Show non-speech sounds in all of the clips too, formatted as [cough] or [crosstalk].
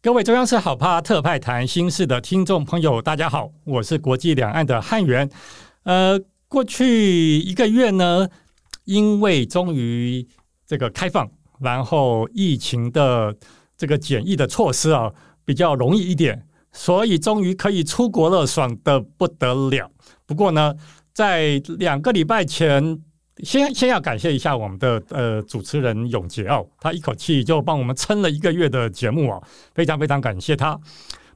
各位中央社好 POD，特派談新事的聽眾朋友，大家好，我是國際兩岸的漢原。呃，過去一個月呢，因為終於這個開放，然後疫情的這個檢疫的措施啊，比較容易一點，所以終於可以出國了，爽得不得了。不過呢，在兩個禮拜前。先先要感謝一下我們的呃主持人永杰哦，他一口氣就幫我們撐了一個月的節目啊，非常非常感謝他。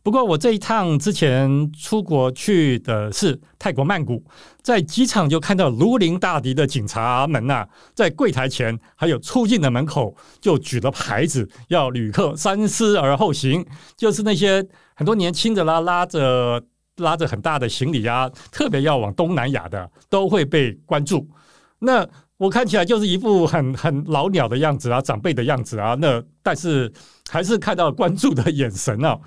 不過我這一趟之前出國去的是泰國曼谷，在機場就看到如臨大敵的警察們吶、啊，在櫃台前還有出境的門口就舉了牌子，要旅客三思而後行。就是那些很多年輕的啦、啊，拉着拉着很大的行李呀、啊，特別要往東南亞的，都會被關注。那我看起來就是一副很很老鳥的樣子啊，長輩的樣子啊。那但是還是看到關注的眼神啊。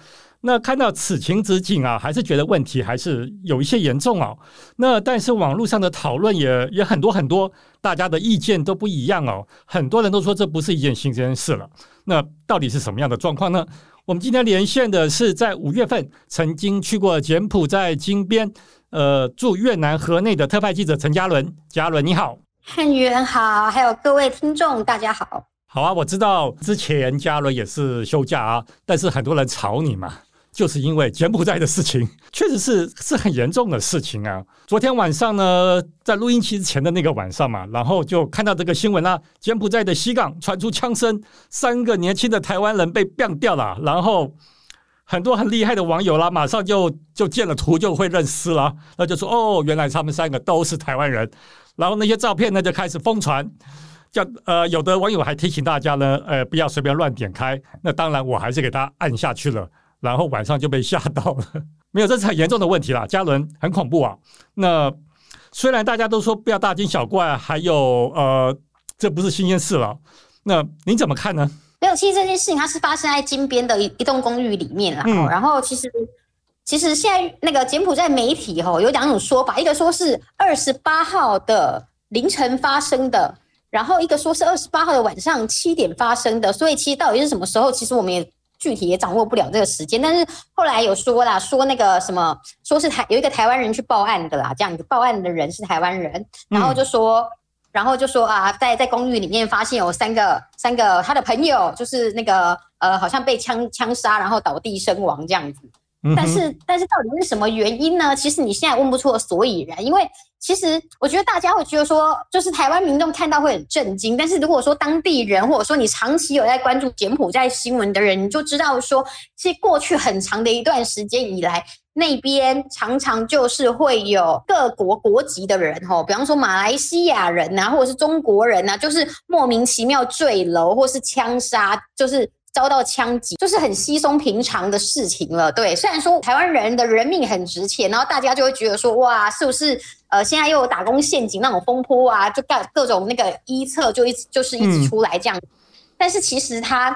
那看到此情此景啊，還是覺得問題還是有一些嚴重哦、啊。那但是網絡上的討論也也很多很多，大家的意見都不一樣哦、啊。很多人都說這不是一件新鮮事了。那到底是什麼樣的狀況呢？我們今天連線的是在五月份曾經去過柬埔寨金邊，呃，駐越南河內的特派記者陳家倫。家倫你好。漢原好，還有各位聽眾，大家好。好啊，我知道之前家倫也是休假啊，但是很多人吵你嘛，就是因為柬埔寨的事情，確實是是很嚴重的事情啊。昨天晚上呢，在錄音機之前的那個晚上嘛，然後就看到這個新聞啦、啊、柬埔寨的西港傳出槍聲，三個年輕的台灣人被斃掉了，然後很多很厲害的網友啦，馬上就就見了圖就會認識了，那就說哦，原來他們三個都是台灣人。然後那些照片呢，就開始瘋傳，叫呃，有的網友還提醒大家呢，呃，不要隨便亂點開。那當然我還是給他按下去了，然後晚上就被嚇到了。沒有，這是很嚴重的問題啦。家倫很恐怖啊。那雖然大家都說不要大驚小怪，還有呃，這不是新鮮事了。那你怎麼看呢？沒有，其實這件事情它是發生在金邊的一一棟公寓裡面啊。然後，嗯、然後其實。其實現在那個柬埔寨媒體哈、哦、有兩種說法，一個說是二十八號的凌晨發生的，然後一個說是二十八號的晚上七點發生的。所以其實到底是什麼時候，其實我們也具體也掌握不了這個時間。但是後來有說啦，說那個什麼，說是台有一個台灣人去報案的啦，這樣子，報案的人是台灣人，然後就說，嗯、然後就說啊，在在公寓裡面發現有三個三個他的朋友，就是那個呃好像被槍槍殺，然後倒地身亡這樣子。但是，但是到底是什麼原因呢？其實你現在問不出所以然，因為其實我覺得大家會覺得說，就是台灣民眾看到會很震驚。但是如果說當地人，或者說你長期有在關注柬埔寨新聞的人，你就知道說，其實過去很長的一段時間以來，那邊常常就是會有各國國籍的人吼，比方說馬來西亞人吶、啊，或者是中國人吶、啊，就是莫名其妙墜樓或是槍殺，就是。遭到槍擊，就是很稀鬆平常的事情了。對，雖然說台灣人的人命很值錢，然後大家就會覺得說，哇，是不是呃，現在又有打工陷阱那種風波啊？就各各種那個臆測就一直就是一直出來這樣。嗯、但是其實他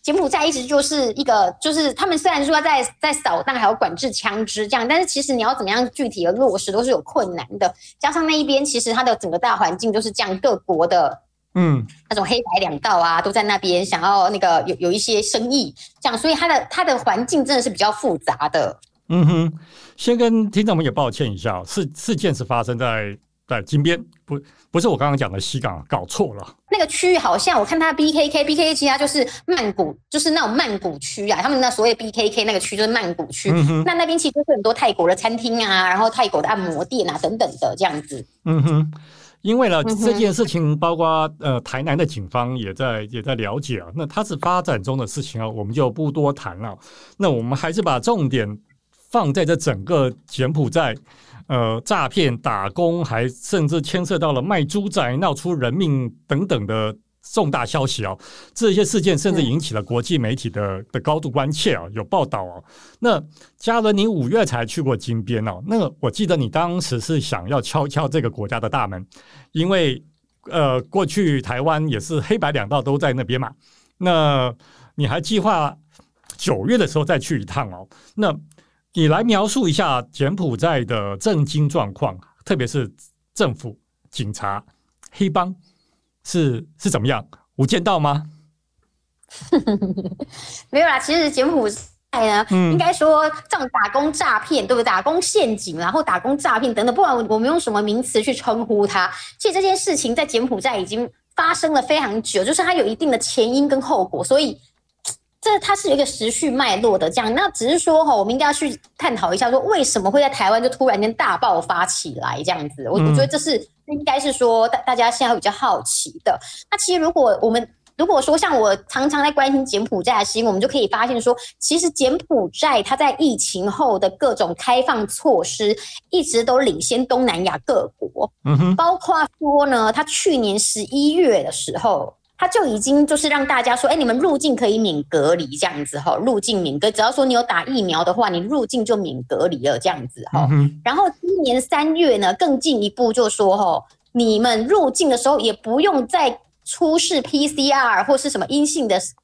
柬埔寨一直就是一個，就是他們雖然說在在掃蕩還有管制槍支這樣，但是其實你要怎麼樣具體的落實都是有困難的。加上那一邊其實它的整個大環境就是這樣，各國的。嗯，那種黑白兩道啊，都在那邊想要那個有有一些生意，這樣，所以它的它的環境真的是比較複雜的。嗯哼，先跟聽眾們也抱歉一下，事事件是發生在在金邊，不不是我剛剛講的西港，搞錯了。那個區域好像我看它 BKK BKK 啊，就是曼谷，就是那種曼谷區啊，他們那所謂 BKK 那個區就是曼谷區，嗯哼，那那邊其實都是很多泰國的餐廳啊，然後泰國的按摩店啊等等的這樣子。嗯哼。因為呢，這件事情包括呃，台南的警方也在也在了解啊，那它是發展中的事情啊，我們就不多談了啊。那我們還是把重點放在這整個柬埔寨，呃，詐騙打工，還甚至牽涉到了賣豬仔、鬧出人命等等的。重大消息哦，這些事件甚至引起了國際媒體的的高度關切啊、哦！有報道哦，那家倫，你五月才去過金邊哦，那個、我記得你當時是想要敲敲這個國家的大門，因為呃，過去台灣也是黑白兩道都在那邊嘛。那你還計劃九月的時候再去一趟哦？那你來描述一下柬埔寨的政經狀況，特別是政府、警察、黑幫。是是怎麼樣？無間道嗎？ [laughs] 沒有啦，其實柬埔寨呢，嗯、應該說這種打工詐騙，對不對？打工陷阱，然後打工詐騙等等，不管我們用什麼名詞去稱呼它，其實這件事情在柬埔寨已經發生了非常久，就是它有一定的前因跟後果，所以這它是一個時序脈絡的。這樣，那只是說哈，我們應該要去探討一下，說為什麼會在台灣就突然間大爆發起來這樣子？我我覺得這是。嗯應該是說，大大家現在會比較好奇的。那其實，如果我們如果說像我常常在關心柬埔寨的事情，我們就可以發現說，其實柬埔寨它在疫情後的各種開放措施，一直都領先東南亞各國。嗯哼，包括說呢，它去年十一月的時候。他就已經就是讓大家說，哎、欸，你們入境可以免隔離這樣子哈，入境免隔，只要說你有打疫苗的話，你入境就免隔離了這樣子哈。嗯、哼然後今年三月呢，更進一步就說哈，你們入境的時候也不用再出示 PCR 或是什麼陰性的篩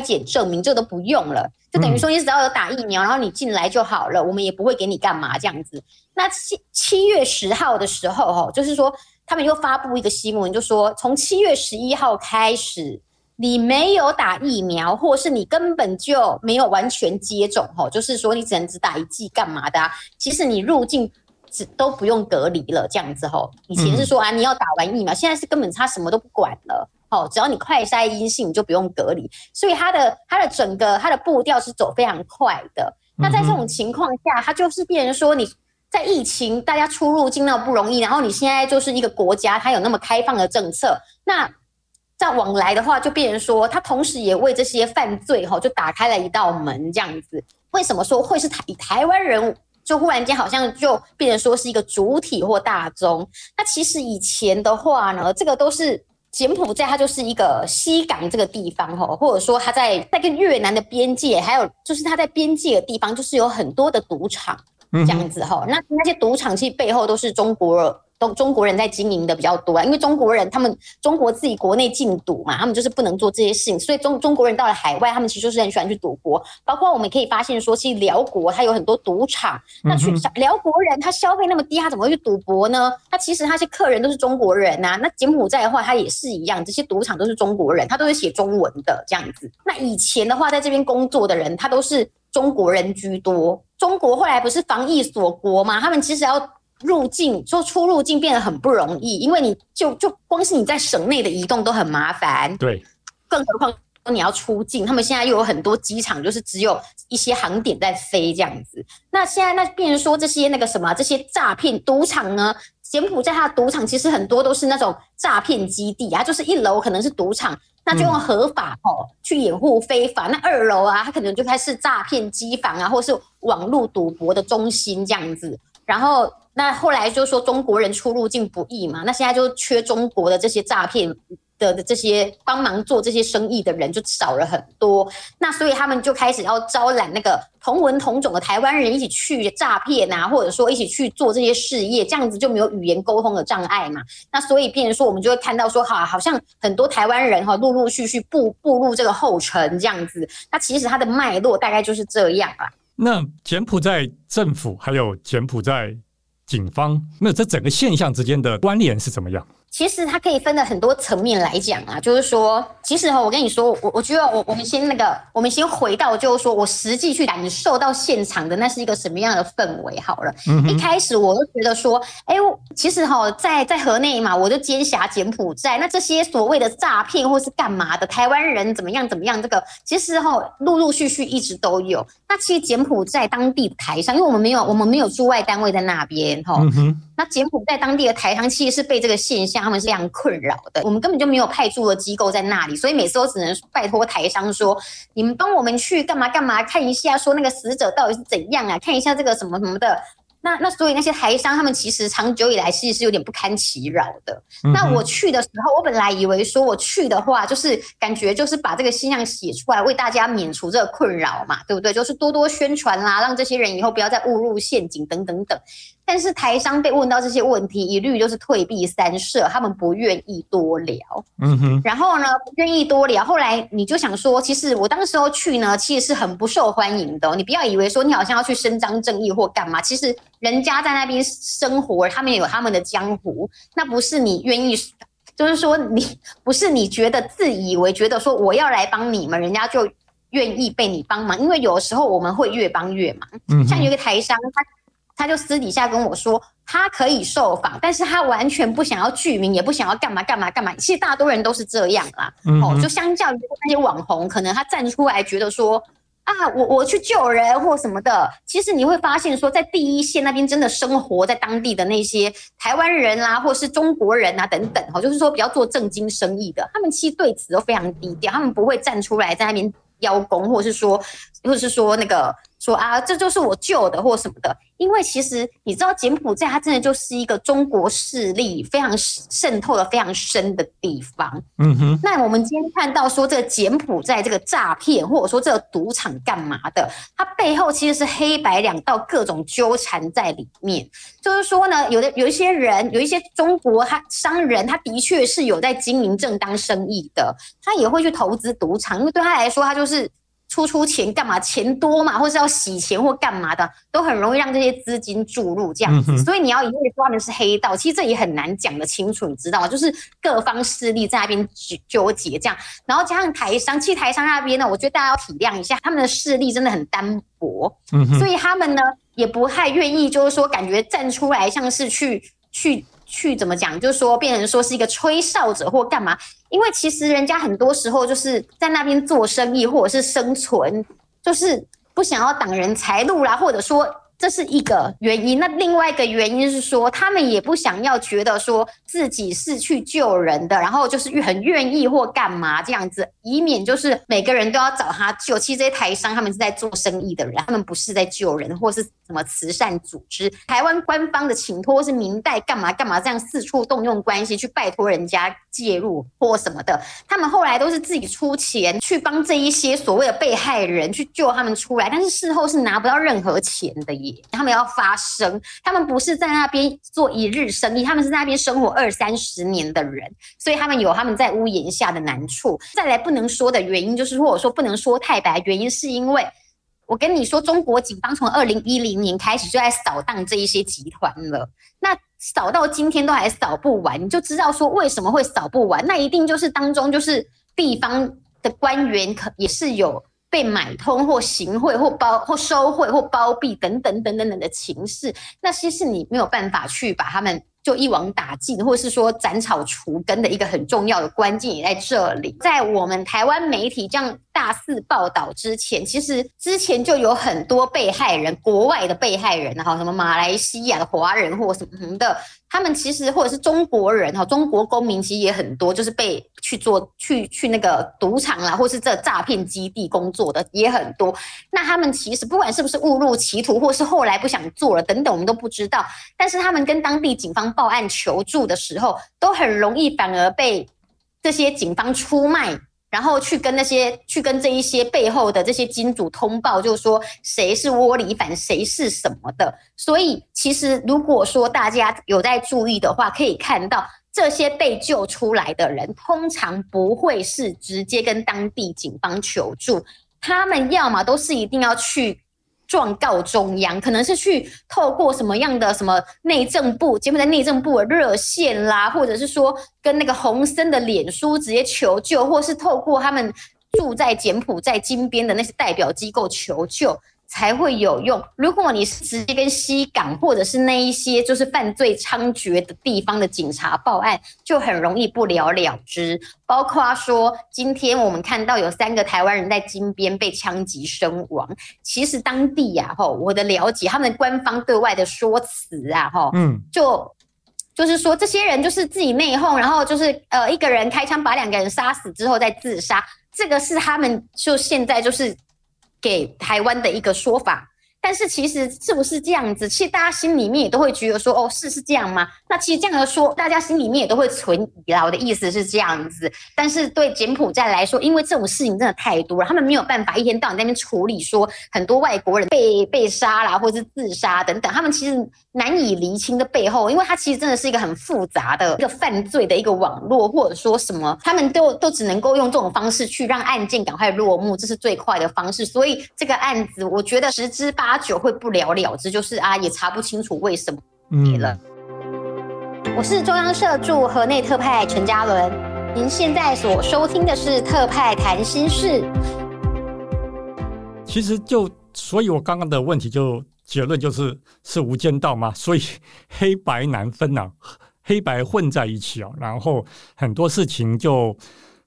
檢證明，這都不用了，就等於說你只要有打疫苗，然後你進來就好了，我們也不會給你幹嘛這樣子。那七、七月十號的時候哈，就是說。他們又發布一個新聞，就說從七月十一號開始，你沒有打疫苗，或者是你根本就沒有完全接種，吼，就是說你只能只打一劑，幹嘛的啊？其實你入境只都不用隔離了，這樣子吼，以前是說啊，你要打完疫苗，現在是根本他什麼都不管了，吼，只要你快篩陰性，你就不用隔離。所以他的他的整個他的步調是走非常快的。那在這種情況下，他就是變成說你。在疫情，大家出入境那不容易。然後你現在就是一個國家，它有那麼開放的政策，那再往來的話，就變成說，它同時也為這些犯罪吼、哦，就打開了一道門這樣子。為什麼說會是台台灣人，就忽然間好像就變成說是一個主體或大宗？那其實以前的話呢，這個都是柬埔寨，它就是一個西港這個地方吼、哦，或者說它在在跟越南的邊界，還有就是它在邊界的地方，就是有很多的賭場。這樣子哈，那那些賭場其實背後都是中國，都中國人在經營的比較多啊。因為中國人他們中國自己國內禁賭嘛，他們就是不能做這些事情，所以中中國人到了海外，他們其實就是很喜歡去賭博。包括我們可以發現說，其實寮國它有很多賭場，嗯、哼那去寮國人他消費那麼低，他怎麼會去賭博呢？他其實那些客人都是中國人吶、啊。那柬埔寨的話，他也是一樣，這些賭場都是中國人，他都是寫中文的這樣子。那以前的話，在這邊工作的人，他都是。中國人居多，中國後來不是防疫鎖國嗎？他們其實要入境，說出入境變得很不容易，因為你就就光是你在省內的移動都很麻煩，對，更何況你要出境，他們現在又有很多機場，就是只有一些航點在飛這樣子。那現在那變成說這些那個什麼這些詐騙賭場呢？柬埔寨在他的賭場，其實很多都是那種詐騙基地啊，就是一樓可能是賭場，那就用合法哦、嗯、去掩護非法。那二樓啊，他可能就開始詐騙機房啊，或是網絡賭博的中心這樣子。然後那後來就說中國人出入境不易嘛，那現在就缺中國的這些詐騙。的的這些幫忙做這些生意的人就少了很多，那所以他們就開始要招攬那個同文同種的台灣人一起去詐騙吶，或者說一起去做這些事業，這樣子就沒有語言溝通的障礙嘛。那所以變成說我們就會看到說，好，好像很多台灣人哈，陸陸續續步步入這個後塵，這樣子。那其實它的脈絡大概就是這樣啊。那柬埔寨政府還有柬埔寨警方，那這整個現象之間的關聯是怎麼樣？其實它可以分的很多層面來講啊，就是說，其實哈，我跟你說，我我覺得，我我們先那個，我們先回到，就是說我實際去感受到現場的那是一個什麼樣的氛圍。好了，嗯、哼一開始我就覺得說，哎、欸，其實哈，在在河內嘛，我就兼轄柬、柬埔寨，那這些所謂的詐騙或是幹嘛的，台灣人怎麼樣怎麼樣，這個其實哈，陸陸續續一直都有。那其實柬埔寨當地台商，因為我們沒有我們沒有駐外單位在那邊，哈、嗯。那柬埔寨當地的台商其實是被這個現象，他們是這樣困擾的。我們根本就沒有派駐的機構在那裡，所以每次都只能拜托台商說：“你們幫我們去幹嘛幹嘛，看一下，說那個死者到底是怎樣啊？看一下這個什麼什麼的。”那那所以那些台商他們其實長久以來其實是有點不堪其擾的。那我去的時候，我本來以為說我去的話，就是感覺就是把這個現象寫出來，為大家免除這個困擾嘛，對不對？就是多多宣傳啦，讓這些人以後不要再誤入陷阱等等等。但是台商被問到這些問題，一律就是退避三舍，他們不願意多聊。嗯哼。然後呢，不願意多聊。後來你就想說，其實我當時候去呢，其實是很不受歡迎的哦。你不要以為說你好像要去伸張正義或幹嘛，其實人家在那邊生活，他們有他們的江湖，那不是你願意，就是說你不是你覺得自以為覺得說我要來幫你們，人家就願意被你幫忙，因為有時候我們會越幫越忙。嗯哼。像有一個台商，他。他就私底下跟我說，他可以受訪，但是他完全不想要具名，也不想要幹嘛幹嘛幹嘛。其實大多人都是這樣啦，嗯、哼哦，就相較於那些網紅，可能他站出來覺得說啊，我我去救人或什麼的。其實你會發現，說在第一線那邊，真的生活在當地的那些台灣人啊，或是中國人啊等等，哦，就是說比較做正經生意的，他們其實對此都非常低調，他們不會站出來在那邊邀功，或是說。或者是說那個說啊，這就是我救的，或什麼的。因為其實你知道，柬埔寨它真的就是一個中國勢力非常滲透的非常深的地方。嗯哼。那我們今天看到說，這個柬埔寨這個詐騙，或者說這個賭場幹嘛的，它背後其實是黑白兩道各種糾纏在裡面。就是說呢，有的有一些人，有一些中國他商人，他的確是有在經營正當生意的，他也會去投資賭場，因為對他來說，他就是。出出錢幹嘛？錢多嘛，或是要洗錢或幹嘛的，都很容易讓這些資金注入這樣子。嗯、哼所以你要一味抓的是黑道，其實這也很難講得清楚，你知道嗎？就是各方勢力在那邊糾結這樣，然後加上台商，其實台商那邊呢，我覺得大家要體諒一下，他們的勢力真的很單薄，嗯、哼所以他們呢也不太願意，就是說感覺站出來像是去去。去怎麼講？就是說，變成說是一個吹哨者或幹嘛？因為其實人家很多時候就是在那邊做生意，或者是生存，就是不想要擋人財路啦，或者說。這是一個原因，那另外一個原因是說，他們也不想要覺得說自己是去救人的，然後就是很願意或幹嘛這樣子，以免就是每個人都要找他救。其實這些台商他們是在做生意的人，他們不是在救人或是什麼慈善組織。台灣官方的請託是民代幹嘛幹嘛這樣四處動用關係去拜託人家，介入或什麼的，他們後來都是自己出錢去幫這一些所謂的被害人去救他們出來，但是事後是拿不到任何錢的耶。他們要發聲，他們不是在那邊做一日生意，他們是在那邊生活二三十年的人，所以他們有他們在屋檐下的難處。再來不能說的原因，就是如果說不能說太白，原因是因為。我跟你說，中國警方從二零一零年開始就在掃蕩這一些集團了，那掃到今天都還掃不完，你就知道說為什麼會掃不完，那一定就是當中就是地方的官員可也是有被買通或行賄或包或收賄或包庇等等等等等等的情勢，那些是你沒有辦法去把他們。就一網打盡，或是說斬草除根的一個很重要的關鍵也在這裡。在我們台灣媒體這樣大肆報道之前，其實之前就有很多被害人，國外的被害人，然後什麼馬來西亞的華人或什麼什麼的。他們其實或者是中國人哈，中國公民其實也很多，就是被去做去去那個賭場啦，或是這詐騙基地工作的也很多。那他們其實不管是不是誤入歧途，或是後來不想做了等等，我們都不知道。但是他們跟當地警方報案求助的時候，都很容易反而被這些警方出賣。然後去跟那些去跟這一些背後的這些金主通報，就是說誰是窩裡反，誰是什麼的。所以其實如果說大家有在注意的話，可以看到這些被救出來的人，通常不會是直接跟當地警方求助，他們要麼都是一定要去。狀告中央，可能是去透過什麼樣的什麼內政部柬埔寨內政部的熱線啦，或者是說跟那個洪森的臉書直接求救，或是透過他們住在柬埔寨、金邊的那些代表機構求救。才會有用。如果你是直接跟西港或者是那一些就是犯罪猖獗的地方的警察報案，就很容易不了了之。包括說，今天我們看到有三個台灣人在金邊被槍擊身亡，其實當地呀，吼，我的了解，他們官方對外的說辭啊，吼、嗯，嗯，就就是說這些人就是自己內訌，然後就是呃一個人開槍把兩個人殺死之後再自殺，這個是他們就現在就是。給台灣的一個說法。但是其實是不是這樣子？其實大家心裡面也都會覺得說，哦，是是這樣嗎？那其實這樣的說，大家心裡面也都會存疑啦。我的意思是這樣子。但是對柬埔寨來說，因為這種事情真的太多了，他們沒有辦法一天到晚在那邊處理，說很多外國人被被殺啦，或者是自殺等等，他們其實難以釐清的背後，因為他其實真的是一個很複雜的一個犯罪的一個網絡，或者說什麼，他們都都只能夠用這種方式去讓案件趕快落幕，這是最快的方式。所以這個案子，我覺得十之八。阿九、啊、會不了了之，就是啊，也查不清楚為什麼嗯，了。我是中央社駐河內特派陳家倫，您現在所收聽的是特派談新事。其實就，所以我剛剛的問題就結論就是是無間道嘛，所以黑白難分吶、啊，黑白混在一起啊，然後很多事情就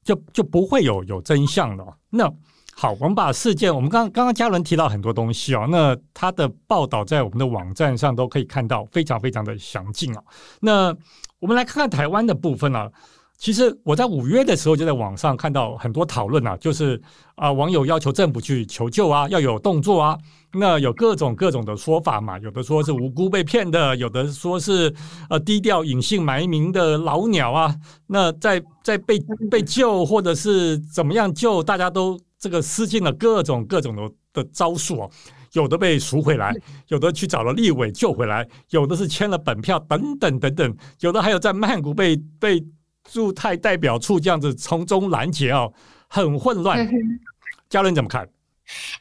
就就不會有有真相了、啊。那。好，我們把事件，我們剛剛剛家倫提到很多東西哦，那他的報道在我們的網站上都可以看到，非常非常的詳盡哦。那我們來看看台灣的部分啊。其實我在五月的時候就在網上看到很多討論啊，就是啊、呃，網友要求政府去求救啊，要有動作啊。那有各種各種的說法嘛，有的說是無辜被騙的，有的說是呃低調隱姓埋名的老鳥啊。那在在被被救或者是怎麼樣救，大家都。這個使盡了各種各種的的招數，哦，有的被贖回來，有的去找了立委救回來，有的是簽了本票等等等等，有的還有在曼谷被被駐泰代表處這樣子從中攔截哦，很混亂。嗯、哼 家倫怎麼看？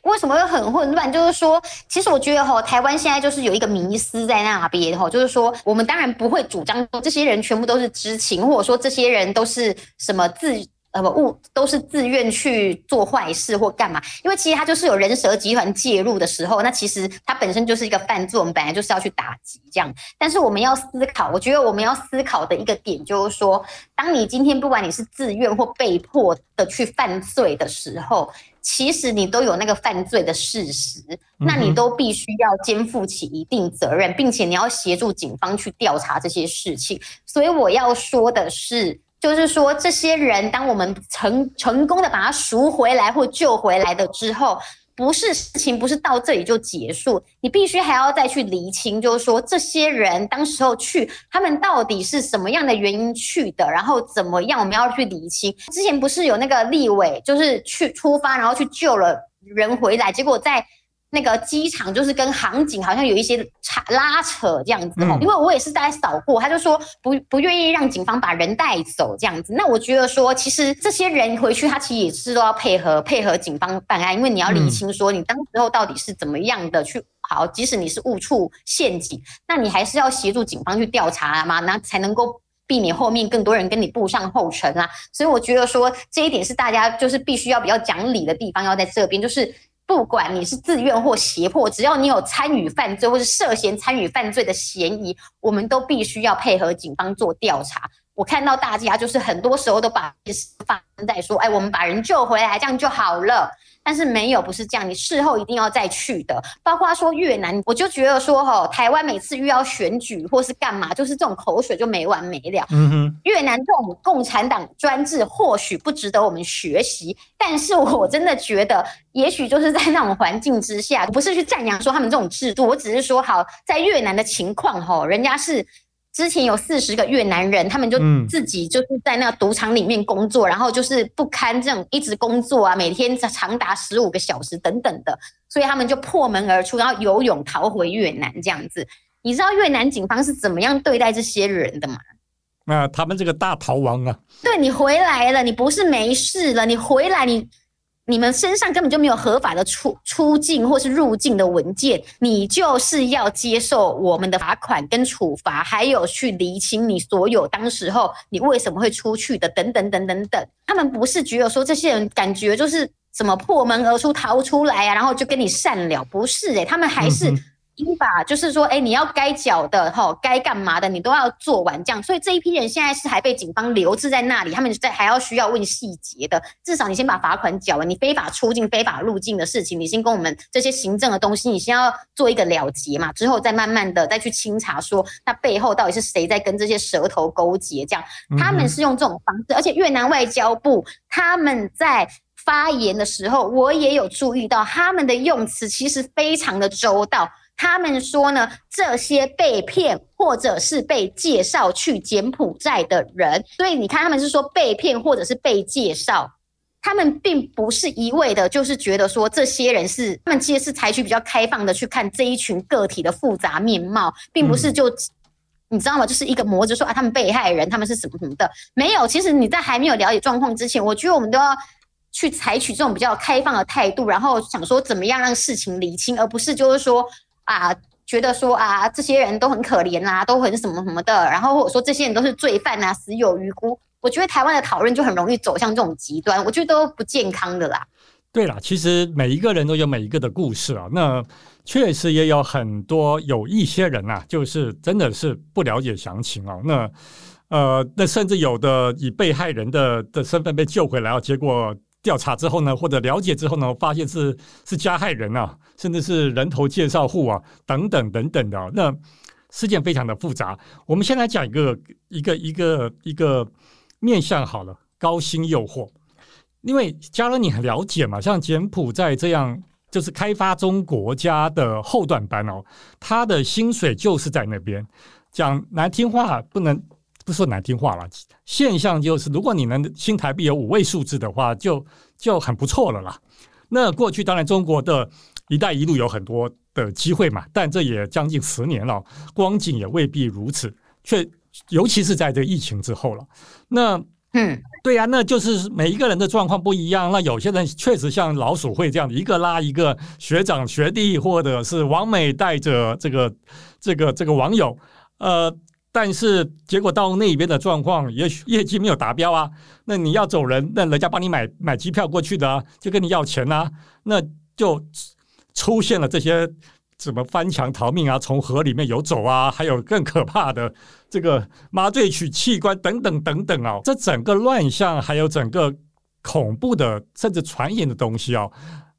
為什麼會很混亂？就是說，其實我覺得哈，台灣現在就是有一個迷思在那邊哈，就是說，我們當然不會主張這些人全部都是知情，或者說這些人都是什麼自。呃，不都是自願去做壞事或幹嘛？因為其實它就是有人蛇集團介入的時候，那其實它本身就是一個犯罪，我們本來就是要去打擊這樣。但是我們要思考，我覺得我們要思考的一個點就是說，當你今天不管你是自願或被迫的去犯罪的時候，其實你都有那個犯罪的事實，那你都必須要肩負起一定責任，並且你要協助警方去調查這些事情。所以我要說的是。就是說，這些人當我們成成功的把他贖回來或救回來的之後，不是事情不是到這裡就結束，你必須還要再去釐清，就是說這些人當時候去，他們到底是什麼樣的原因去的，然後怎麼樣，我們要去釐清。之前不是有那個立委，就是去出發，然後去救了人回來，結果在那個機場就是跟航警好像有一些差拉扯，這樣子。嗯、因為我也是大概掃過，他就說不不願意讓警方把人帶走這樣子。那我覺得說，其實這些人回去他其實也是都要配合配合警方辦案，因為你要釐清說你當時候到底是怎麼樣的去好，即使你是誤觸陷阱，那你還是要協助警方去調查，啊、嘛，那才能夠避免後面更多人跟你步上後塵啊。所以我覺得說，這一點是大家就是必須要比較講理的地方要在這邊就是。不管你是自願或脅迫，只要你有參與犯罪或是涉嫌參與犯罪的嫌疑，我們都必須要配合警方做調查。我看到大家就是很多時候都把意思放在說，哎、欸，我們把人救回來，這樣就好了。但是沒有，不是這樣。你事後一定要再去的，包括說越南，我就覺得說齁，台灣每次遇到選舉或是幹嘛，就是這種口水就沒完沒了。嗯哼。越南這種共產黨專制或許不值得我們學習，但是我真的覺得，也許就是在那種環境之下，我不是去贊揚說他們這種制度，我只是說好，在越南的情況齁，人家是。之前有四十個越南人，他們就自己就是在那個賭場裡面工作，嗯、然後就是不堪這種一直工作啊，每天長達十五個小時等等的，所以他們就破門而出，然後游泳逃回越南這樣子。你知道越南警方是怎麼樣對待這些人的嗎？那、啊、他們這個大逃亡啊！對，你回來了，你不是沒事了，你回來你。你們身上根本就沒有合法的出出境或是入境的文件，你就是要接受我們的罰款跟處罰，還有去釐清你所有當時候你為什麼會出去的等等等等等。他們不是只有說這些人感覺就是怎麼破門而出逃出來啊，然後就跟你善了，不是誒、欸，他們還是、嗯。依法就是說，哎、欸，你要該繳的齁，該幹嘛的你都要做完這樣，所以這一批人現在是還被警方留置在那裡，他們在還要需要問細節的，至少你先把罰款繳了，你非法出境、非法入境的事情，你先跟我們這些行政的東西，你先要做一個了結嘛，之後再慢慢的再去清查說，說那背後到底是誰在跟這些蛇頭勾結這樣，他們是用這種方式，而且越南外交部他們在發言的時候，我也有注意到他們的用詞其實非常的周到。他們說呢，這些被騙或者是被介紹去柬埔寨的人，所以你看他們是說被騙或者是被介紹，他們並不是一味的，就是覺得說這些人是他們其實是採取比較開放的去看這一群個體的複雜面貌，並不是就、嗯、你知道嗎？就是一個模子說啊，他們被害人，他們是什麼什麼的，沒有。其實你在還沒有了解狀況之前，我覺得我們都要去採取這種比較開放的態度，然後想說怎麼樣讓事情釐清，而不是就是說。啊，覺得說啊，這些人都很可憐吶、啊，都很什麼什麼的，然後或者說這些人都是罪犯吶、啊，死有餘辜。我覺得台灣的討論就很容易走向這種極端，我覺得都不健康的啦。對啦，其實每一個人都有每一個的故事啊、哦，那確實也有很多有一些人啊，就是真的是不了解詳情哦。那呃，那甚至有的以被害人的的身份被救回來啊、哦，結果。調查之後呢，或者了解之後呢，發現是是加害人啊，甚至是人頭介紹戶啊，等等等等的啊，那事件非常的複雜。我們先來講一個一個一個一個面向好了，高薪誘惑。因為假如你很了解嘛，像柬埔寨這樣就是開發中國家的後段班哦，他的薪水就是在那邊講難聽話不能。不說難聽話了，現象就是，如果你能新台幣有五位數字的話就，就就很不錯了啦。那過去當然中國的一帶一路有很多的機會嘛，但這也將近十年了，光景也未必如此。卻尤其是在這疫情之後了，那嗯，對呀、啊，那就是每一個人的狀況不一樣。那有些人確實像老鼠會這樣的一個拉一個學長學弟，或者是網美帶着這個這個這個網友，呃。但是結果到那邊的狀況，也許業績沒有達標啊，那你要走人，那人家幫你買買機票過去的啊，就跟你要錢啊，那就出現了這些怎麼翻牆逃命啊，從河裡面游走啊，還有更可怕的這個麻醉取器官等等等等啊、哦，這整個亂象還有整個恐怖的甚至傳言的東西啊、哦。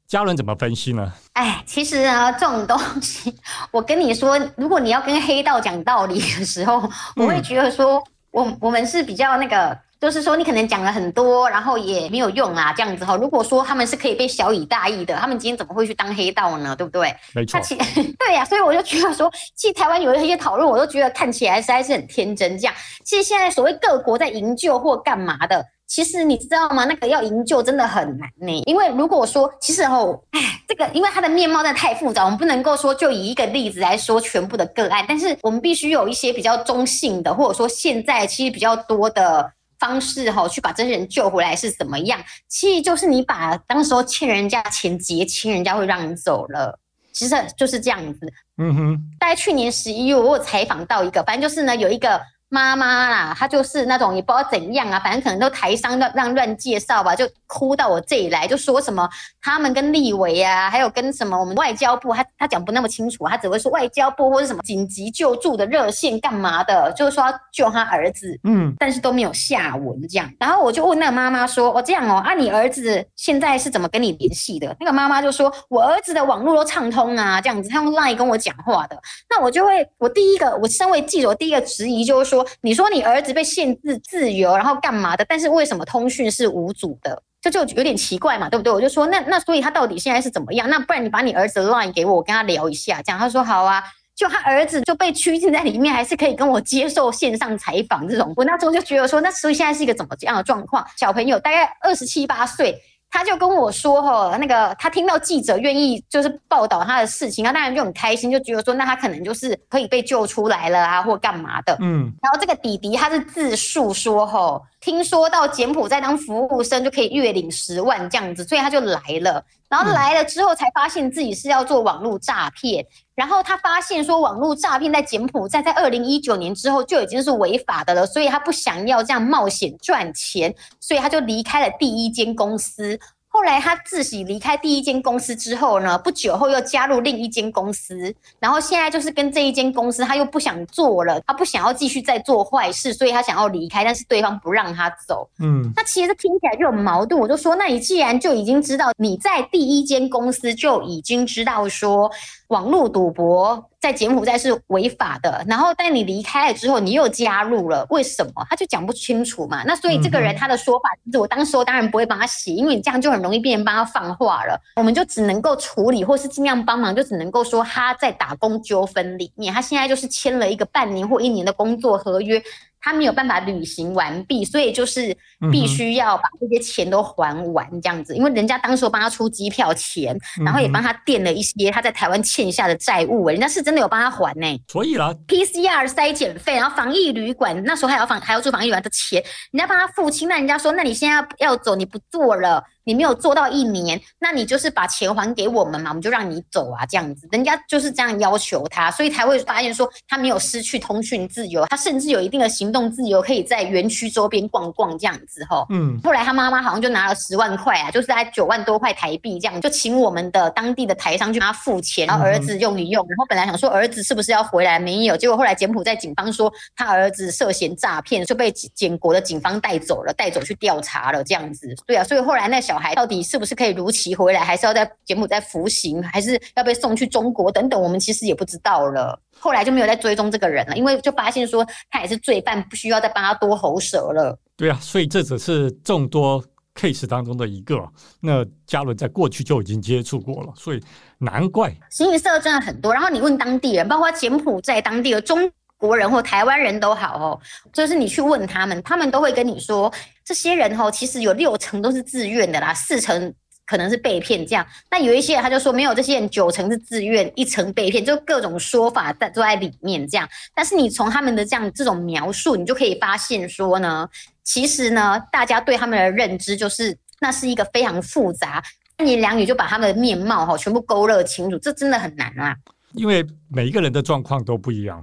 家倫怎麼分析呢？哎，其實啊，這種東西，我跟你說，如果你要跟黑道講道理的時候，我會覺得說，嗯、我我們是比較那個，就是說你可能講了很多，然後也沒有用啊，這樣子哈。如果說他們是可以被曉以大義的，他們今天怎麼會去當黑道呢？對不對？沒錯。他其對呀、啊，所以我就覺得說，其實台灣有一些討論，我都覺得看起來實在是很天真。這樣，其實現在所謂各國在營救或幹嘛的。其實你知道嗎？那個要營救真的很難呢、欸，因為如果說其實哦，哎，這個因為它的面貌實在太複雜，我們不能夠說就以一個例子來說全部的個案，但是我們必須有一些比較中性的，或者說現在其實比較多的方式、哦、去把這些人救回來是怎麼樣？其實就是你把當時欠人家錢結清，欠人家會讓你走了，其實就是這樣子。嗯哼，大概去年十一月我有採訪到一個，反正就是呢，有一個。媽媽啦、啊，她就是那種也不知道怎樣啊，反正可能都台商亂亂亂介紹吧，就哭到我這裡來，就說什麼他們跟立委啊，還有跟什麼我們外交部，她他講不那麼清楚，她只會說外交部或是什麼緊急救助的熱線幹嘛的，就是說要救他兒子，嗯，但是都沒有下文這樣。然後我就問那個媽媽說：“我、哦、這樣哦，啊你兒子現在是怎麼跟你聯繫的？”那個媽媽就說：“我兒子的網絡都暢通啊，這樣子，他用 LINE 跟我講話的。”那我就會，我第一個，我身為記者，我第一個質疑就是說。說你說你兒子被限制自由，然後幹嘛的？但是為什麼通訊是無阻的？這就，就有點奇怪嘛，對不對？我就說，那那、那所以他到底現在是怎麼樣？那不然你把你兒子 Line 給我，我跟他聊一下。這樣他說好啊，就他兒子就被拘禁在裡面，還是可以跟我接受線上採訪這種。我那時候就覺得說，那所以現在是一個怎麼樣的狀況？小朋友大概二十七八歲。他就跟我說：“吼，那個他聽到記者願意就是報道他的事情，他當然就很開心，就覺得說，那他可能就是可以被救出來了啊，或幹嘛的。”嗯，然後這個弟弟他是自述說：“吼。”聽說到柬埔寨當服務生就可以月領十萬這樣子，所以他就來了。然後來了之後才發現自己是要做網絡詐騙，然後他發現說網絡詐騙在柬埔寨在二零一九年之後就已經是違法的了，所以他不想要這樣冒險賺錢，所以他就離開了第一間公司。後來他自己離開第一間公司之後呢，不久後又加入另一間公司，然後現在就是跟這一間公司他又不想做了，他不想要繼續再做壞事，所以他想要離開，但是對方不讓他走。嗯，那其實聽起來就有矛盾。我就說，那你既然就已經知道你在第一間公司就已經知道說網絡賭博。在柬埔寨是違法的，然後在你離開了之後，你又加入了，為什麼？他就講不清楚嘛。那所以這個人他的說法，就是、嗯哼：我當時我當然不會幫他寫，因為你這樣就很容易被人幫他放話了。我們就只能夠處理，或是盡量幫忙，就只能夠說他在打工糾紛裡面，他現在就是簽了一個半年或一年的工作合約。他沒有辦法履行完畢，所以就是必須要把這些錢都還完這樣子，嗯、哼因為人家當時幫他出機票錢，然後也幫他墊了一些他在台灣欠下的債務，欸，人家是真的有幫他還呢。所以啦，PCR 篩檢費，然後防疫旅館那時候還要防還要住防疫旅館的錢，人家幫他付清，那人家說，那你現在要走，你不做了，你沒有做到一年，那你就是把錢還給我們嘛，我們就讓你走啊，這樣子，人家就是這樣要求他，所以才會發現說他沒有失去通訊自由，他甚至有一定的行動自由，可以在園區周邊逛逛這樣子吼。嗯。後來他媽媽好像就拿了十萬塊啊，就是大概九萬多塊台幣這樣，就請我們的當地的台商去幫他付錢，然後兒子用一用。然後本來想說兒子是不是要回來，沒有，結果後來柬埔寨警方說他兒子涉嫌詐騙，就被柬國的警方帶走了，帶走去調查了這樣子。對啊，所以後來那小。小孩到底是不是可以如期回來，還是要在柬埔寨服刑，還是要被送去中國等等，我們其實也不知道了。後來就沒有再追蹤這個人了，因為就發現說他也是罪犯，不需要再幫他多喉舌了。對啊，所以這只是眾多 case 當中的一個。那家倫在過去就已經接觸過了，所以難怪。形形色色真的很多，然後你問當地人，包括柬埔寨當地的中。國人或台灣人都好哦，就是你去問他們，他們都會跟你說，這些人哦，其實有六成都是自願的啦，四成可能是被騙。這樣，那有一些人他就說，沒有這些人九成是自願，一成被騙，就各種說法在都在裡面這樣。但是你從他們的這樣這種描述，你就可以發現說呢，其實呢，大家對他們的認知就是，那是一個非常複雜，三言兩語就把他們的面貌哈全部勾勒清楚，這真的很難啊。因為每一個人的狀況都不一樣。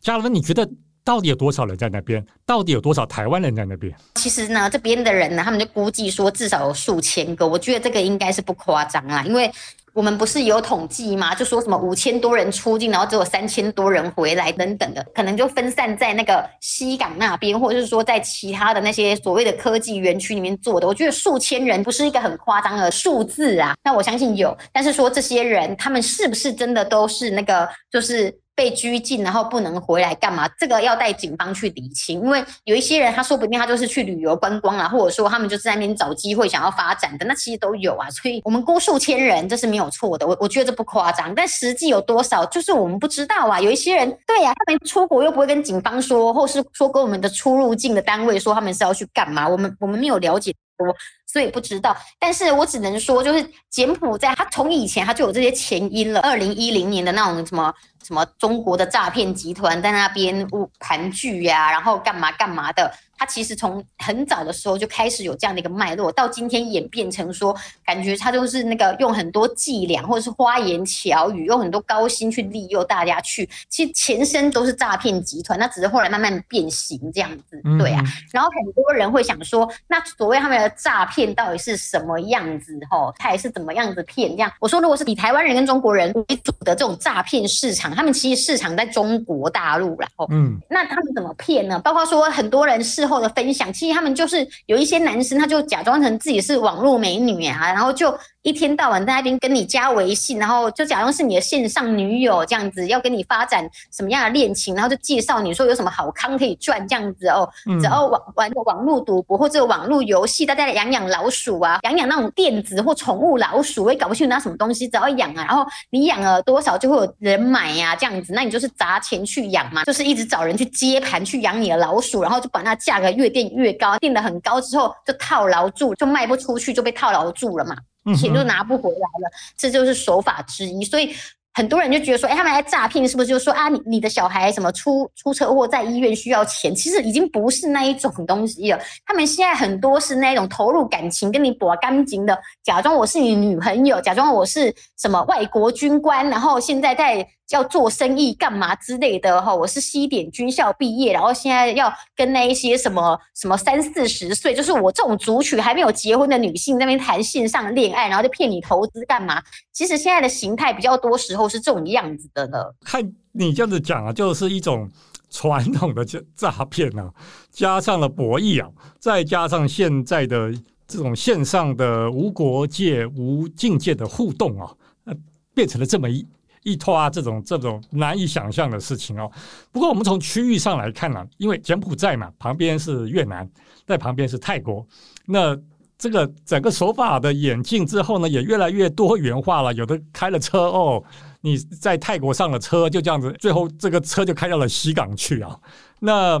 家倫，你覺得到底有多少人在那邊？到底有多少台灣人在那邊？其實呢，這邊的人呢，他們就估計說至少有數千個。我覺得這個應該是不誇張啦，因為我們不是有統計嗎？就說什麼五千多人出境，然後只有三千多人回來等等的，可能就分散在那個西港那邊，或者是說在其他的那些所謂的科技園區裡面做的。我覺得數千人不是一個很誇張的數字啊。那我相信有，但是說這些人，他們是不是真的都是那個就是？被拘禁，然後不能回來幹嘛？這個要帶警方去釐清，因為有一些人，他說不定他就是去旅遊觀光啊，或者說他們就是在那邊找機會想要發展的，那其實都有啊。所以我們估數千人，這是沒有錯的。我我覺得這不誇張，但實際有多少，就是我們不知道啊。有一些人，對呀、啊，他們出國又不會跟警方說，或是說跟我們的出入境的單位說他們是要去幹嘛，我們我們沒有了解。我所以不知道，但是我只能說，就是柬埔寨，他從以前他就有這些前因了。二零一零年的那種什麼什麼中國的詐騙集團在那邊盤踞呀、啊，然後干嘛幹嘛的。他其實從很早的時候就開始有這樣的一個脈絡，到今天演變成說，感覺他就是那個用很多伎倆，或者是花言巧語，用很多高薪去利誘大家去。其實前身都是詐騙集團，那只是後來慢慢變形這樣子，對啊。然後很多人會想說，那所謂他們的詐騙到底是什麼樣子？哦？他也是怎麼樣子騙？這樣，我說如果是以台灣人跟中國人為主的這種詐騙市場，他們其實市場在中國大陸，然後嗯，那他們怎麼騙呢？包括說很多人是。後的分享，其實他們就是有一些男生，他就假裝成自己是網絡美女啊，然後就。一天到晚在那邊跟你加微信，然後就假裝是你的線上女友這樣子，要跟你發展什麼樣的戀情，然後就介紹你說有什麼好康可以賺這樣子哦。嗯。只要玩玩網絡賭博或者網絡遊戲，大家養養老鼠啊，養養那種電子或寵物老鼠，我也搞不清楚那什麼東西，只要養啊，然後你養了多少就會有人買呀、啊、這樣子，那你就是砸錢去養嘛，就是一直找人去接盤去養你的老鼠，然後就把那價格越墊越高，墊得很高之後就套牢住，就賣不出去就被套牢住了嘛。錢就拿不回來了，嗯、哼這就是手法之一。所以很多人就覺得說，哎、他們來詐騙是不是就說啊，你你的小孩什麼出出車禍，在醫院需要錢？其實已經不是那一種東西了。他們現在很多是那種投入感情，跟你搏感情的，假裝我是你女朋友，假裝我是什麼外國軍官，然後現在在。要做生意幹嘛之類的哈？我是西點軍校畢業，然後現在要跟那一些什麼什麼三四十歲，就是我這種族群還沒有結婚的女性那邊談線上戀愛，然後就騙你投資幹嘛？其實現在的形態比較多時候是這種樣子的呢。看你這樣子講啊，就是一種傳統的詐詐騙啊，加上了博弈啊，再加上現在的這種線上的無國界、無境界的互動啊，呃，變成了這麼一。依托啊，這種這種難以想象的事情哦。不過我們從區域上來看呢，因為柬埔寨嘛，旁邊是越南，在旁邊是泰國。那這個整個手法的演進之後呢，也越來越多元化了。有的開了車哦，你在泰國上了車，就這樣子，最後這個車就開到了西港去啊，哦。那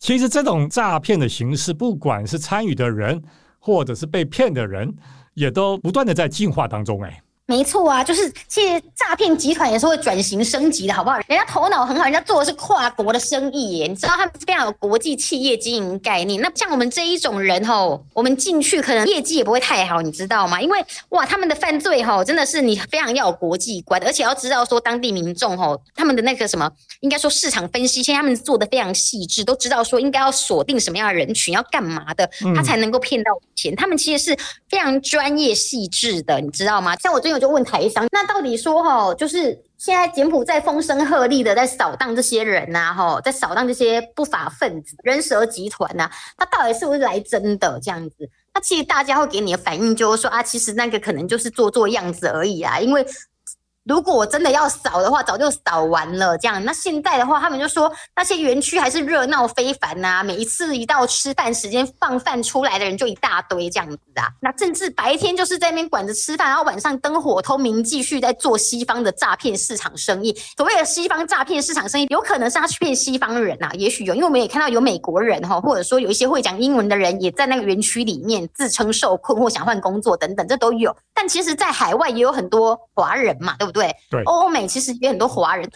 其實這種詐騙的形式，不管是參與的人，或者是被騙的人，也都不斷的在進化當中哎。沒錯啊，就是其實詐騙集團也是會轉型升級的，好不好？人家頭腦很好，人家做的是跨國的生意耶，你知道他們非常有國際企業經營概念。那像我們這一種人吼，我們進去可能業績也不會太好，你知道嗎？因為哇，他們的犯罪吼真的是你非常要有國際觀的，而且要知道說，當地民眾吼他們的那個什麼，應該說市場分析，現在他們做的非常細緻，都知道說應該要鎖定什麼樣的人群要幹嘛的，他才能夠騙到錢。嗯、他們其實是非常專業細緻的，你知道嗎？像我這種。就問台商，那到底說吼、哦，就是現在柬埔寨在風聲鶴唳的在掃蕩這些人吶、啊，吼、哦，在掃蕩這些不法分子、人蛇集團吶、啊，他到底是不是來真的這樣子？那、啊、其實大家會給你的反應就是說啊，其實那個可能就是做做樣子而已啊，因為。如果我真的要掃的話，早就掃完了。這樣，那現在的話，他們就說那些園區還是熱鬧非凡吶。每一次一到吃飯時間，放飯出來的人就一大堆這樣子啊。那甚至白天就是在那邊管着吃飯，然後晚上燈火通明，繼續在做西方的詐騙市場生意。所謂的西方詐騙市場生意，有可能是他去騙西方人吶，也許有，因為我們也看到有美國人哈，或者說有一些會講英文的人也在那個園區裡面自稱受困或想換工作等等，這都有。但其實，在海外也有很多華人嘛，對不？對對，對歐美其實也有很多華人。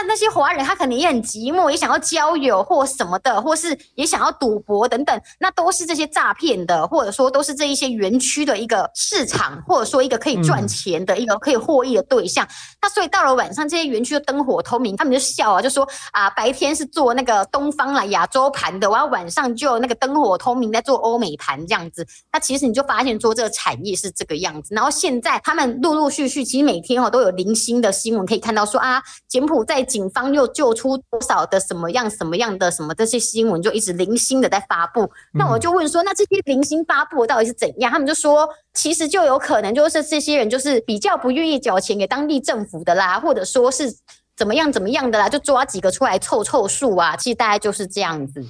那那些華人，他可能也很寂寞，也想要交友或什麼的，或是也想要賭博等等。那都是這些詐騙的，或者說都是這一些園區的一個市場，或者說一個可以賺錢的一個可以獲益的對象。嗯、那所以到了晚上，這些園區的燈火通明，他們就笑啊，就說啊，白天是做那個東方來亞洲盤的，我要晚上就那個燈火通明在做歐美盤這樣子。那其實你就發現說這個產業是這個樣子。然後現在他們陸陸續續，其實每天哦都有零星的新聞可以看到說啊，柬埔寨在警方又救出多少的什麼樣什麼樣的什麼，這些新聞就一直零星的在發布，嗯。那我就問說，那這些零星發布到底是怎樣？他們就說，其實就有可能就是這些人就是比較不願意繳錢給當地政府的啦，或者說是怎麼樣怎麼樣的啦，就抓幾個出來湊湊數啊，其實大概就是這樣子。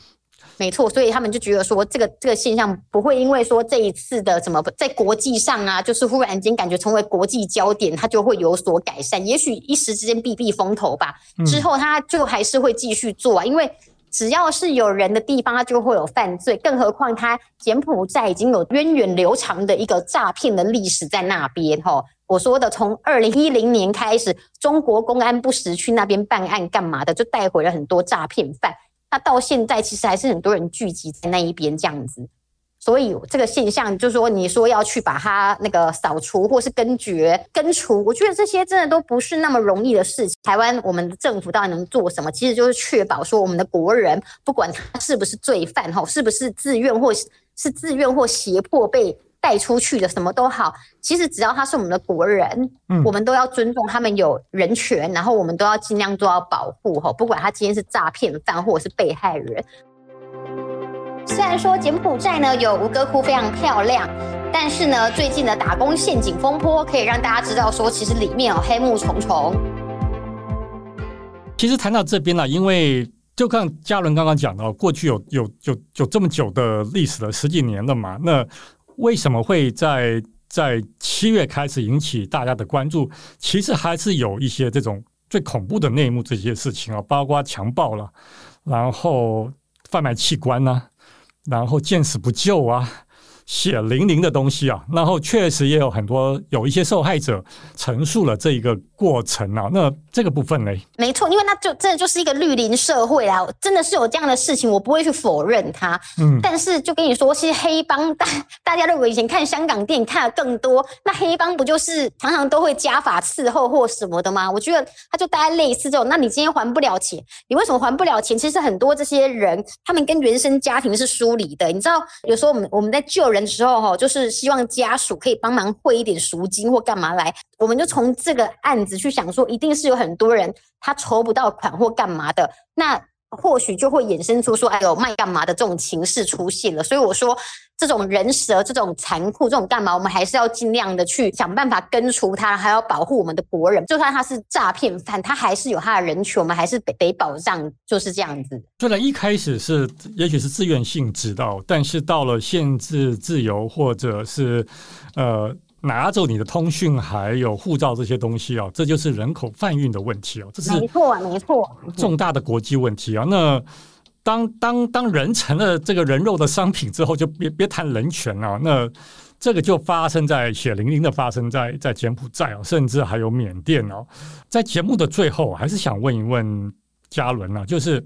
沒錯，所以他們就覺得說，這個這個現象不會因為說這一次的怎麼在國際上啊，就是忽然間感覺成為國際焦點，它就會有所改善。也許一時之間避避風頭吧，之後它就還是會繼續做啊。因為只要是有人的地方，它就會有犯罪，更何況它柬埔寨已經有源遠流長的一個詐騙的歷史在那邊。吼，我說的從二零一零年開始，中國公安不時去那邊辦案幹嘛的，就帶回了很多詐騙犯。那到現在其實還是很多人聚集在那一邊這樣子，所以這個現象就是說你說要去把它那個掃除或是根絕根除，我覺得這些真的都不是那麼容易的事情。台灣我們的政府到底能做什麼？其實就是確保說我們的國人不管他是不是罪犯，哈，是不是自願或是自願或脅迫被。帶出去的什麼都好，其實只要他是我們的國人，我們都要尊重他們有人權，然後我們都要盡量都要保護吼，不管他今天是詐騙犯或者是被害人。雖然說柬埔寨呢有吳哥窟非常漂亮，但是呢最近的打工陷阱風波可以讓大家知道說，其實裡面有、喔、黑幕重重。其實談到這邊呢，因為就看嘉倫剛剛講到，過去有有有有這麼久的歷史了，十幾年了嘛，那。為什麼會在在七月開始引起大家的關注？其實還是有一些這種最恐怖的內幕，這些事情啊，包括強暴了，然後販賣器官呢，然後見死不救啊。血淋淋的東西啊，然後確實也有很多有一些受害者陳述了這一個過程啊，那這個部分呢？沒錯，因為那就這就是一個綠林社會啊，真的是有這樣的事情，我不會去否認它。嗯，但是就跟你說，是黑幫。大大家認為以前看香港電影看的更多，那黑幫不就是常常都會家法伺候或什麼的嗎？我覺得他就大概類似這種。那你今天還不了錢，你為什麼還不了錢？其實很多這些人，他們跟原生家庭是疏離的，你知道，有時候我們我們在救人，時候哈，就是希望家屬可以幫忙匯一點贖金或幹嘛來，我們就從這個案子去想說，一定是有很多人他籌不到款或幹嘛的那。或許就會衍生出說，哎呦，賣幹嘛的這種情勢出現了。所以我說，這種人蛇、這種殘酷、這種幹嘛，我們還是要盡量的去想辦法根除它，還要保護我們的國人。就算他是詐騙犯，他還是有他的人權，我們還是得保障，就是這樣子。雖然一開始是也許是自願性指導，但是到了限制自由或者是，呃。拿走你的通訊，還有護照這些東西啊，這就是人口販運的問題哦、啊，這是沒錯沒錯，重大的國際問題啊。那當當當人成了這個人肉的商品之後就，就別別談人權了、啊。那這個就發生在血淋淋的發生在在柬埔寨、啊、甚至還有緬甸哦、啊。在節目的最後，還是想問一問家倫啊，就是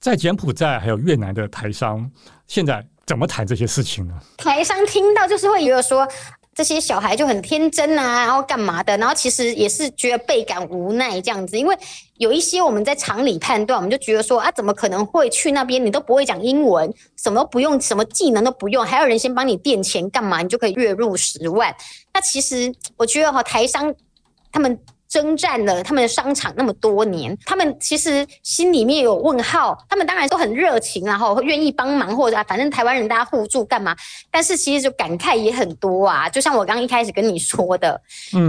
在柬埔寨還有越南的台商，現在怎麼談這些事情呢？台商聽到就是會以為說。這些小孩就很天真啊，然後幹嘛的？然後其實也是覺得倍感無奈這樣子，因為有一些我們在常理判斷，我們就覺得說啊，怎麼可能會去那邊？你都不會講英文，什麼都不用，什麼技能都不用，還有人先幫你墊錢幹嘛？你就可以月入十萬？那其實我覺得哈，台商他們。征戰了他們的商場那麼多年，他們其實心裡面有問號。他們當然都很熱情啊，然後願意幫忙，或者反正台灣人大家互助幹嘛。但是其實就感慨也很多啊。就像我剛一開始跟你說的，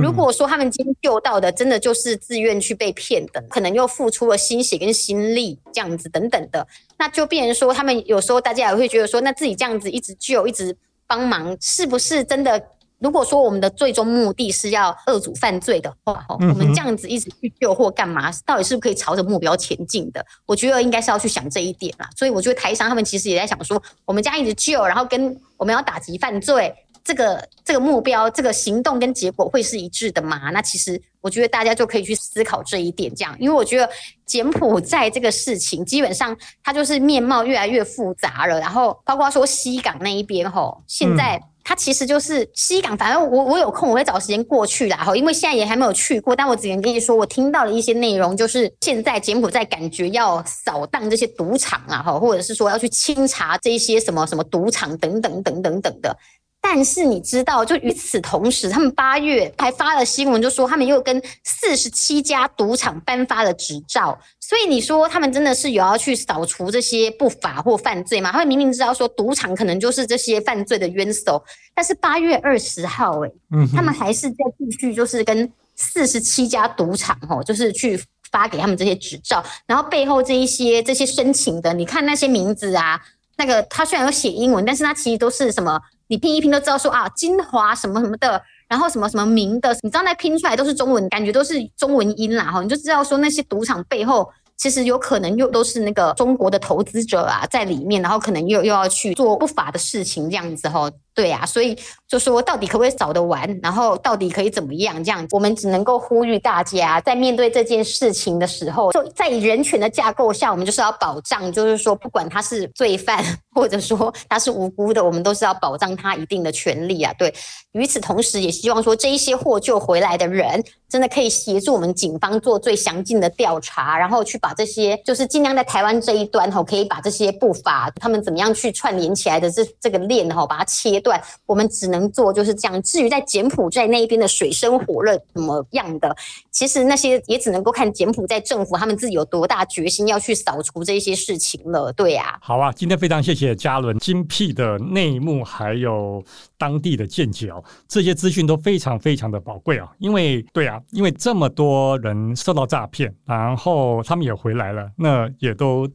如果說他們今天救到的真的就是自願去被騙的，可能又付出了心血跟心力這樣子等等的，那就變成說他們有時候大家也會覺得說，那自己這樣子一直救、一直幫忙，是不是真的？如果說我們的最終目的是要遏阻犯罪的話，嗯、哼我們這樣子一直去救或幹嘛，到底是不是可以朝着目標前進的？我覺得應該是要去想這一點啦。所以我覺得台商他們其實也在想說，我們家一直救，然後跟我們要打擊犯罪這個這個目標、這個行動跟結果會是一致的嗎？那其實我覺得大家就可以去思考這一點，這樣，因為我覺得柬埔寨這個事情基本上它就是面貌越來越複雜了，然後包括說西港那一邊吼，現在、嗯。它其實就是西港，反正我我有空我會找時間過去啦，哈，因為現在也還沒有去過，但我只能跟你說，我聽到了一些內容，就是現在柬埔寨感覺要掃蕩這些賭場啊哈，或者是說要去清查這些什麼什麼賭場等等等等，等等的。但是你知道，就與此同時，他們八月還發了新聞，就說他們又跟四十七家賭場頒發了執照。所以你說他們真的是有要去掃除這些不法或犯罪嗎？他們明明知道說賭場可能就是這些犯罪的淵藪，但是八月二十號，哎，他們還是在繼續，就是跟四十七家賭場哦，就是去發給他們這些執照。然後背後這一些這些申請的，你看那些名字啊，那個他雖然有寫英文，但是他其實都是什麼？你拼一拼都知道說啊，金華什麼什麼的，然後什麼什麼名的，你知道那拼出來都是中文，感覺都是中文音啦、啊、哈，你就知道說那些賭場背後其實有可能又都是那個中國的投資者啊在裡面，然後可能又又要去做不法的事情這樣子哈、哦。對啊，所以就說到底可不可以找得完，然後到底可以怎麼樣這樣？我們只能夠呼籲大家，在面對這件事情的時候，就在人權的架構下，我們就是要保障，就是說不管他是罪犯，或者說他是無辜的，我們都是要保障他一定的權利啊。對，與此同時，也希望說這一些獲救回來的人，真的可以協助我們警方做最詳盡的調查，然後去把這些，就是盡量在台灣這一端吼，可以把這些不法他們怎麼樣去串聯起來的這這個鏈吼，把它切。對，我們只能做就是這樣。至於在柬埔寨那一邊的水深火熱怎麼樣的，其實那些也只能夠看柬埔寨政府他們自己有多大決心要去掃除這些事情了。對呀、啊，好啊，今天非常謝謝嘉倫精闢的內幕，還有當地的見解、哦，這些資訊都非常非常的寶貴啊、哦。因為對啊，因為這麼多人受到詐騙，然後他們也回來了，那也都。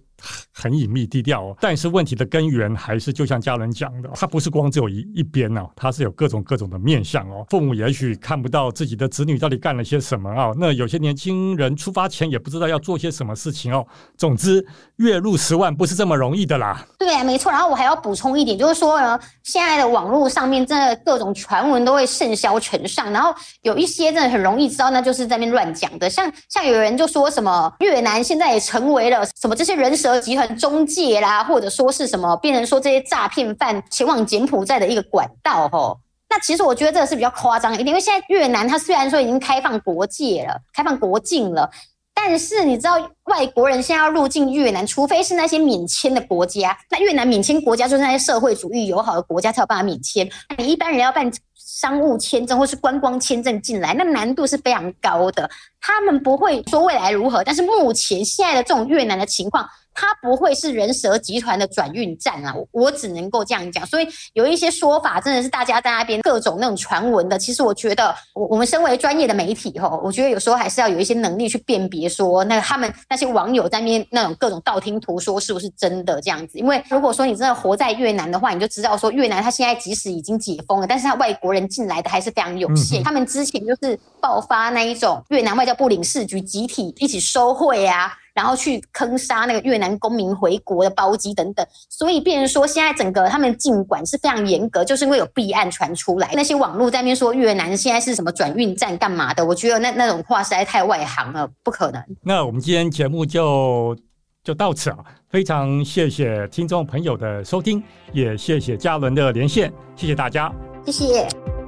很隱秘低調，哦，但是問題的根源還是就像家人講的、哦，他不是光只有一一邊哦，他是有各種各種的面相哦。父母也許看不到自己的子女到底幹了些什麼哦，那有些年輕人出發前也不知道要做些什麼事情哦。總之。月入十萬，不是這麼容易的啦。對啊，沒錯。然後我還要補充一點，就是說呢，現在的網絡上面真的各種傳聞都會甚囂塵上，然後有一些真的很容易知道，那就是在那邊亂講的。像像有人就說什麼越南現在也成為了什麼這些人蛇集團中介啦，或者說是什麼變成說這些詐騙犯前往柬埔寨的一個管道，哦。吼，那其實我覺得這個是比較誇張一點，因為現在越南它雖然說已經開放國界了，開放國境了。但是你知道，外國人現在要入境越南，除非是那些免簽的國家，那越南免簽國家就是那些社會主義友好的國家才有辦法免簽。那你一般人要辦商務簽證或是觀光簽證進來，那難度是非常高的。他們不會說未來如何，但是目前現在的這種越南的情況。他不會是人蛇集團的轉運站啊！我只能夠這樣講，所以有一些說法真的是大家在那邊各種那種傳聞的。其實我覺得，我我們身為專業的媒體齁，我覺得有時候還是要有一些能力去辨別，說那個，他們那些網友在那邊那種各種道聽途說是不是真的這樣子？因為如果說你真的活在越南的話，你就知道說越南他現在即使已經解封了，但是他外國人進來的還是非常有限。他們之前就是爆發那一種越南外交部領事局集體一起收賄啊。然後去坑殺那個越南公民回國的包機等等，所以變成說，現在整個他們儘管是非常嚴格，就是因為有弊案傳出來，那些網絡在那邊說越南現在是什麼轉運站幹嘛的，我覺得那那種話實在太外行了，不可能。那我們今天節目就到就到此了，啊，非常謝謝聽眾朋友的收聽，也謝謝家倫的連線，謝謝大家，謝謝。